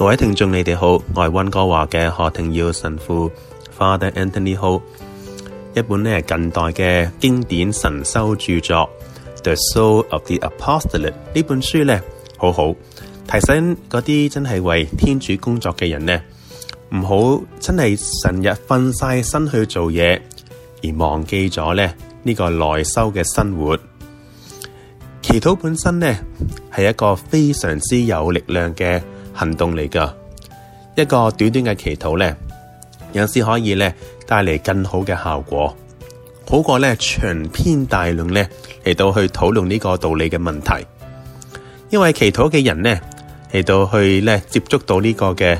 各位聽眾，你哋好，我係溫哥華嘅何庭耀神父 Father Anthony Ho。一本呢係近代嘅經典神修著作《The Soul of the Apostolate》呢本書呢，好好提醒嗰啲真係為天主工作嘅人呢，唔好真係成日瞓晒身去做嘢，而忘記咗呢呢個內修嘅生活。祈禱本身呢，係一個非常之有力量嘅。行動嚟噶一個短短嘅祈禱咧，有時可以咧帶嚟更好嘅效果，好過咧長篇大論咧嚟到去討論呢個道理嘅問題。因為祈禱嘅人咧嚟到去咧接觸到呢個嘅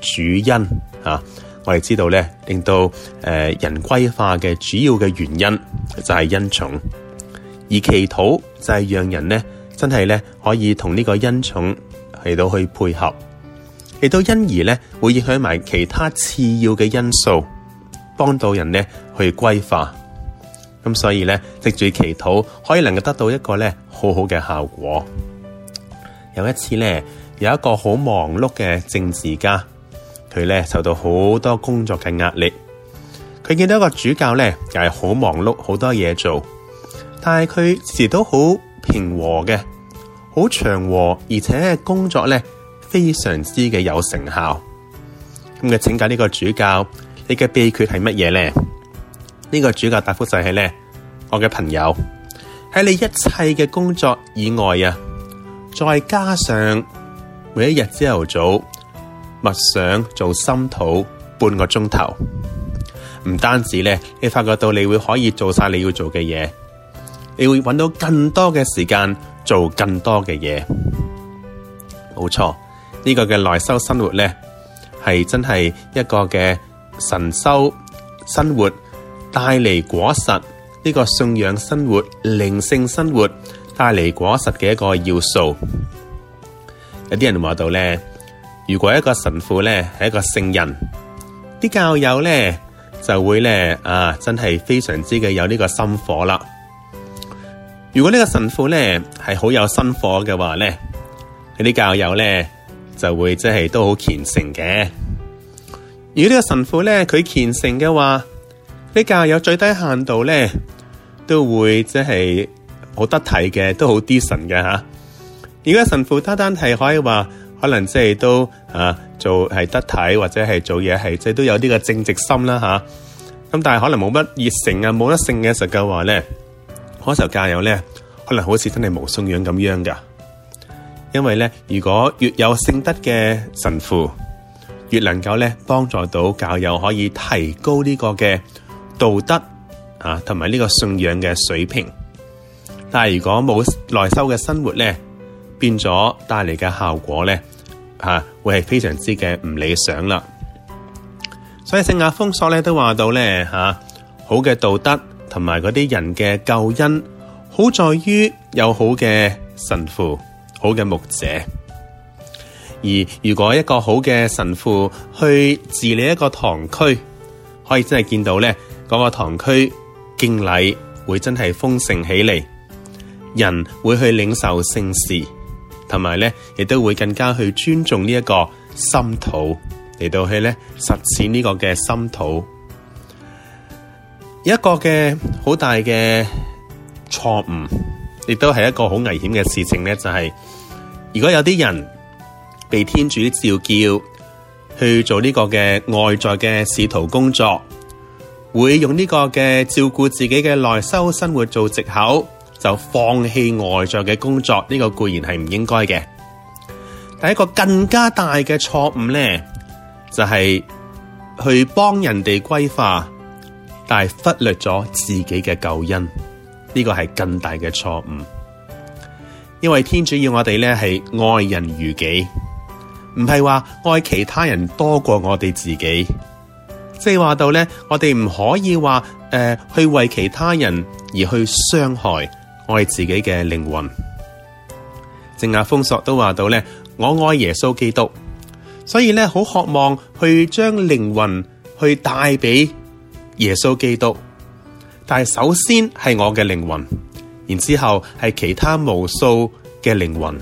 主因。啊，我哋知道咧令到誒、呃、人歸化嘅主要嘅原因就係、是、恩寵，而祈禱就係讓人咧真係咧可以同呢個恩寵嚟到去配合，嚟到因而咧會影響埋其他次要嘅因素，幫到人咧去規劃。咁所以咧，藉住祈禱可以能夠得到一個咧好好嘅效果。有一次咧，有一個好忙碌嘅政治家，佢咧受到好多工作嘅壓力，佢見到一個主教咧又係好忙碌，好多嘢做，但係佢始終都好平和嘅。好祥和，而且工作咧非常之嘅有成效。咁嘅，請教呢個主教，你嘅秘訣係乜嘢呢？呢、呢個主教答覆就係咧，我嘅朋友喺你一切嘅工作以外啊，再加上每一日朝頭早默想做心禱半個鐘頭，唔單止咧，你發覺到你會可以做晒你要做嘅嘢，你會搵到更多嘅時間。做更多嘅嘢，冇錯。呢個嘅內修生活咧，係真係一個嘅神修生活帶嚟果實，呢個信仰生活、靈性生活帶嚟果實嘅一個要素。有啲人話到咧，如果一個神父咧係一個聖人，啲教友咧就會咧啊，真係非常之嘅有呢個心火啦。如果呢個神父咧係好有心火嘅話咧，佢啲教友咧就會即係都好虔誠嘅。如果呢個神父咧佢虔誠嘅話，呢教友最低限度咧都會即係好得體嘅，都好 decent 嘅吓。如果神父單單係可以話，可能即係都啊做係得體或者係做嘢係即係都有呢個正直心啦吓。咁但係可能冇乜熱誠啊，冇乜性嘅就嘅話咧。可受教友咧，可能好似真係冇信仰咁樣噶因為咧，如果越有聖德嘅神父，越能夠咧幫助到教友可以提高呢個嘅道德啊，同埋呢個信仰嘅水平。但係如果冇內修嘅生活咧，變咗帶嚟嘅效果咧，吓會係非常之嘅唔理想啦。所以聖亞封鎖咧都話到咧吓，好嘅道德，同埋嗰啲人嘅救恩，好在於有好嘅神父、好嘅牧者。而如果一個好嘅神父去治理一個堂區，可以真係見到咧，嗰個堂區敬禮會真係豐盛起嚟，人會去領受聖事，同埋咧亦都會更加去尊重呢一個心土，嚟到去咧實踐呢個嘅心土。一個嘅好大嘅錯誤，亦都係一個好危險嘅事情呢就係、是、如果有啲人被天主召叫去做呢個嘅外在嘅使徒工作，會用呢個嘅照顧自己嘅內修生活做藉口，就放棄外在嘅工作，呢、這個固然係唔應該嘅。第一個更加大嘅錯誤呢，就係、是、去幫人哋規劃。但係忽略咗自己嘅救恩，呢個係更大嘅錯誤。因為天主要我哋咧係愛人如己，唔係話愛其他人多過我哋自己。即係話到咧，我哋唔可以話誒、呃、去為其他人而去傷害我哋自己嘅靈魂。正阿封索都話到咧，我愛耶穌基督，所以咧好渴望去將靈魂去帶俾。耶穌基督，但係首先係我嘅靈魂，然之後係其他無數嘅靈魂。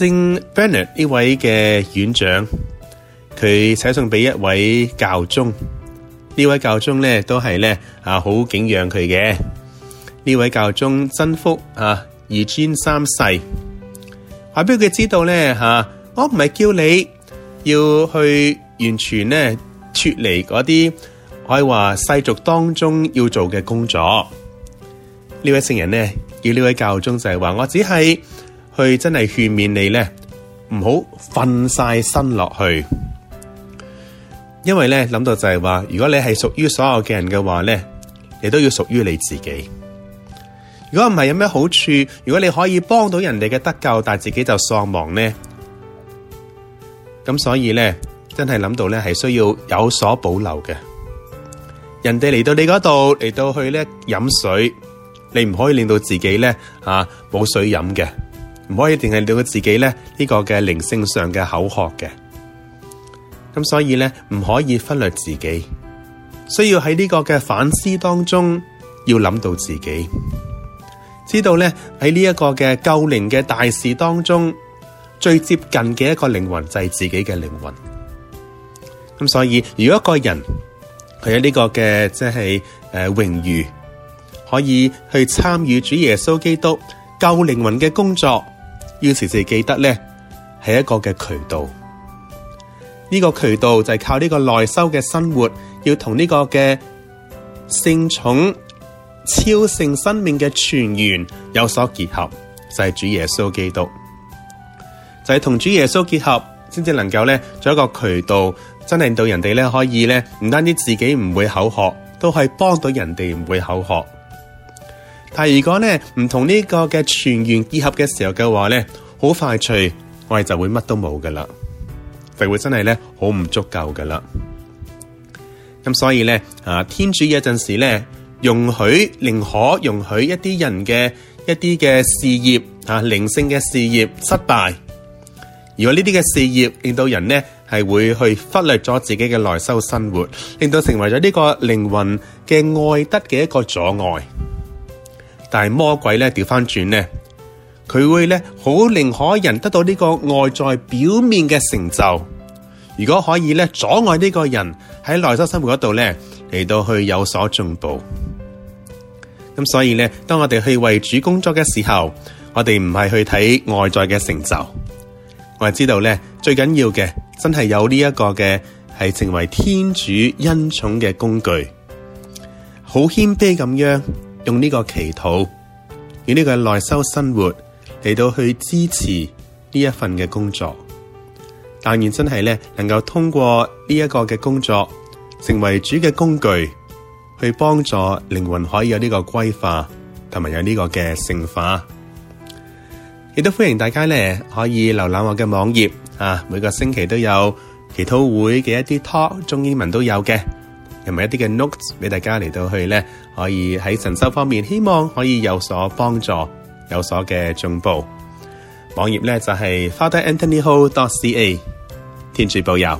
聖 Benet 呢位嘅院長，佢寫信畀一位教宗，呢位教宗咧都係咧啊，好敬仰佢嘅呢位教宗。真福啊，二尊三世，話畀佢知道咧吓、啊，我唔係叫你要去完全咧。脫離嗰啲，可以話世俗當中要做嘅工作。呢位聖人呢，叫呢位教宗就係話，我只係去真係勸勉你呢，唔好瞓晒身落去。因為呢，諗到就係話，如果你係屬於所有嘅人嘅話呢，你都要屬於你自己。如果唔係有咩好處？如果你可以幫到人哋嘅得救，但係自己就喪亡呢？咁所以呢。真係諗到咧，係需要有所保留嘅。人哋嚟到你嗰度嚟到去咧，飲水你唔可以令到自己咧啊，冇水飲嘅，唔可以定係令到自己咧呢個嘅靈性上嘅口渴嘅。咁所以咧，唔可以忽略自己，需要喺呢個嘅反思當中要諗到自己，知道咧喺呢一個嘅救靈嘅大事當中最接近嘅一個靈魂就係自己嘅靈魂。咁所以，如果一個人佢有呢個嘅即係誒榮譽，可以去參與主耶穌基督救靈魂嘅工作，要時時記得咧係一個嘅渠道。呢、這個渠道就係靠呢個內修嘅生活，要同呢個嘅聖寵、超性生命嘅泉源有所結合，就係、是、主耶穌基督，就係、是、同主耶穌結合。先至能夠咧，做一個渠道，真係令到人哋咧可以咧，唔單止自己唔會口渴，都係幫到人哋唔會口渴。但如果咧唔同呢個嘅全員結合嘅時候嘅話咧，好快脆，我哋就會乜都冇噶啦，就會真係咧好唔足夠噶啦。咁所以咧啊，天主有陣時咧容許，寧可容許一啲人嘅一啲嘅事業啊，靈性嘅事業失敗。如果呢啲嘅事業令到人呢係會去忽略咗自己嘅內修生活，令到成為咗呢個靈魂嘅愛德嘅一個阻礙。但係魔鬼呢調翻轉呢，佢會呢好寧可人得到呢個外在表面嘅成就。如果可以呢，阻礙呢個人喺內修生活嗰度呢嚟到去有所進步。咁所以呢，當我哋去為主工作嘅時候，我哋唔係去睇外在嘅成就。我係知道咧，最緊要嘅真係有呢一個嘅係成為天主恩寵嘅工具，好謙卑咁樣用呢個祈禱，用呢個內修生活嚟到去支持呢一份嘅工作，但願真係咧能夠通過呢一個嘅工作成為主嘅工具，去幫助靈魂可以有呢個歸化同埋有呢個嘅聖化。亦都歡迎大家咧，可以瀏覽我嘅網頁啊！每個星期都有祈禱會嘅一啲 talk，中英文都有嘅，又係一啲嘅 notes 俾大家嚟到去咧，可以喺神修方面，希望可以有所幫助，有所嘅進步。網頁咧就係 Father Anthony Ho dot C A，天主保佑。